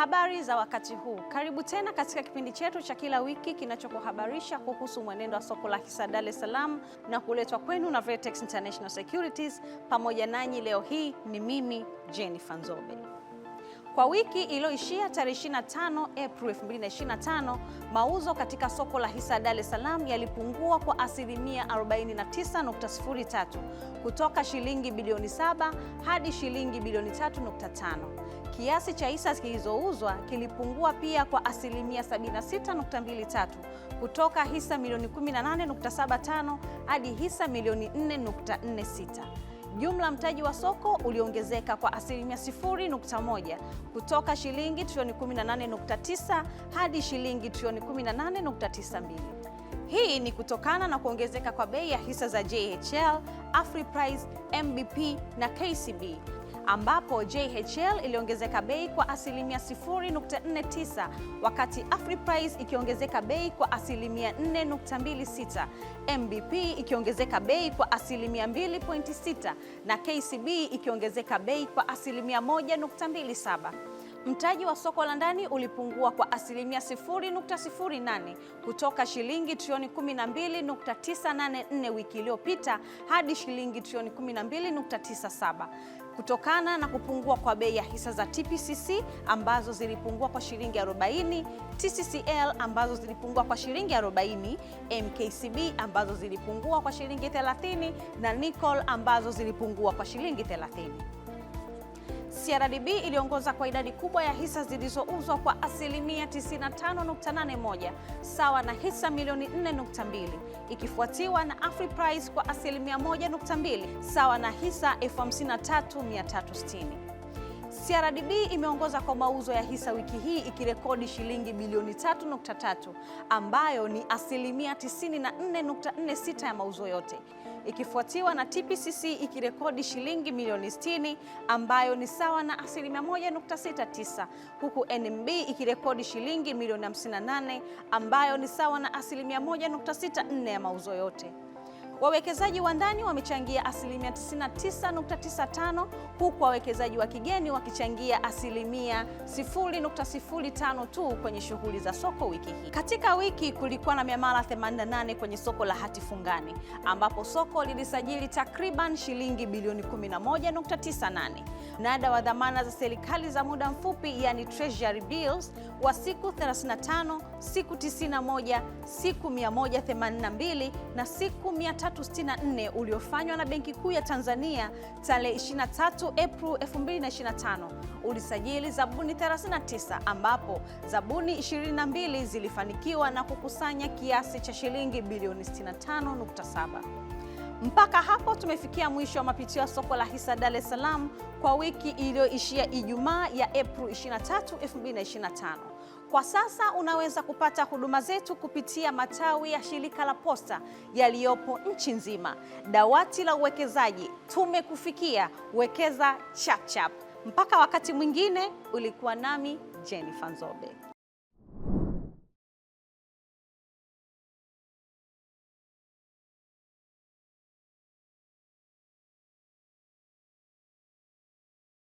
Habari za wakati huu, karibu tena katika kipindi chetu cha kila wiki kinachokuhabarisha kuhusu mwenendo wa soko la hisa Dar es Salaam na kuletwa kwenu na Vertex International Securities. Pamoja nanyi leo hii ni mimi Jennifer Nzobe. Kwa wiki iliyoishia tarehe 25 Aprili 2025, mauzo katika soko la hisa Dar es Salaam yalipungua kwa asilimia 49.03 kutoka shilingi bilioni 7 hadi shilingi bilioni 3.5. Kiasi cha hisa zilizouzwa kilipungua pia kwa asilimia 76.23 kutoka hisa milioni 18.75 hadi hisa milioni 4.46. Jumla mtaji wa soko uliongezeka kwa asilimia 0.1 kutoka shilingi trilioni 18.9 hadi shilingi trilioni 18.92. Hii ni kutokana na kuongezeka kwa bei ya hisa za JHL, Afriprice, MBP na KCB ambapo JHL iliongezeka bei kwa asilimia 0.49 wakati Afriprice ikiongezeka bei kwa asilimia 4.26, MBP ikiongezeka bei kwa asilimia 2.6 na KCB ikiongezeka bei kwa asilimia 1.27. Mtaji wa soko la ndani ulipungua kwa asilimia 0.08 kutoka shilingi trilioni 12.984 wiki iliyopita hadi shilingi trilioni 12.97 kutokana na kupungua kwa bei ya hisa za TPCC ambazo zilipungua kwa shilingi 40, TCCL ambazo zilipungua kwa shilingi 40, MKCB ambazo zilipungua kwa shilingi 30 na Nicol ambazo zilipungua kwa shilingi 30. CRDB iliongoza kwa idadi kubwa ya hisa zilizouzwa kwa asilimia 95.81 sawa na hisa milioni 4.2, ikifuatiwa na Afriprice kwa asilimia 1.2 sawa na hisa 53360. CRDB imeongoza kwa mauzo ya hisa wiki hii ikirekodi shilingi bilioni 3.3 ambayo ni asilimia 94.46 ya mauzo yote, ikifuatiwa na TPCC ikirekodi shilingi milioni 60 ambayo ni sawa na asilimia 1.69, huku NMB ikirekodi shilingi milioni 58 ambayo ni sawa na asilimia 1.64 ya mauzo yote. Wawekezaji wa ndani wamechangia asilimia 99.95 huku wawekezaji wa kigeni wakichangia asilimia 0.05 tu kwenye shughuli za soko wiki hii. Katika wiki kulikuwa na miamala 88 kwenye soko la hati fungani ambapo soko lilisajili takriban shilingi bilioni 11.98. Mnada wa dhamana za serikali za muda mfupi yani treasury bills wa siku 35, siku 91, siku 182 na siku 364 uliofanywa na Benki Kuu ya Tanzania tarehe 23 Aprili 2025 ulisajili zabuni 39 ambapo zabuni 22 zilifanikiwa na kukusanya kiasi cha shilingi bilioni 65.7. Mpaka hapo tumefikia mwisho wa mapitio ya soko la hisa Dar es Salaam kwa wiki iliyoishia Ijumaa ya Aprili 23, 2025. Kwa sasa unaweza kupata huduma zetu kupitia matawi ya shirika la posta yaliyopo nchi nzima. Dawati la uwekezaji tumekufikia, wekeza chapchap. Mpaka wakati mwingine, ulikuwa nami Jennifer Nzobe.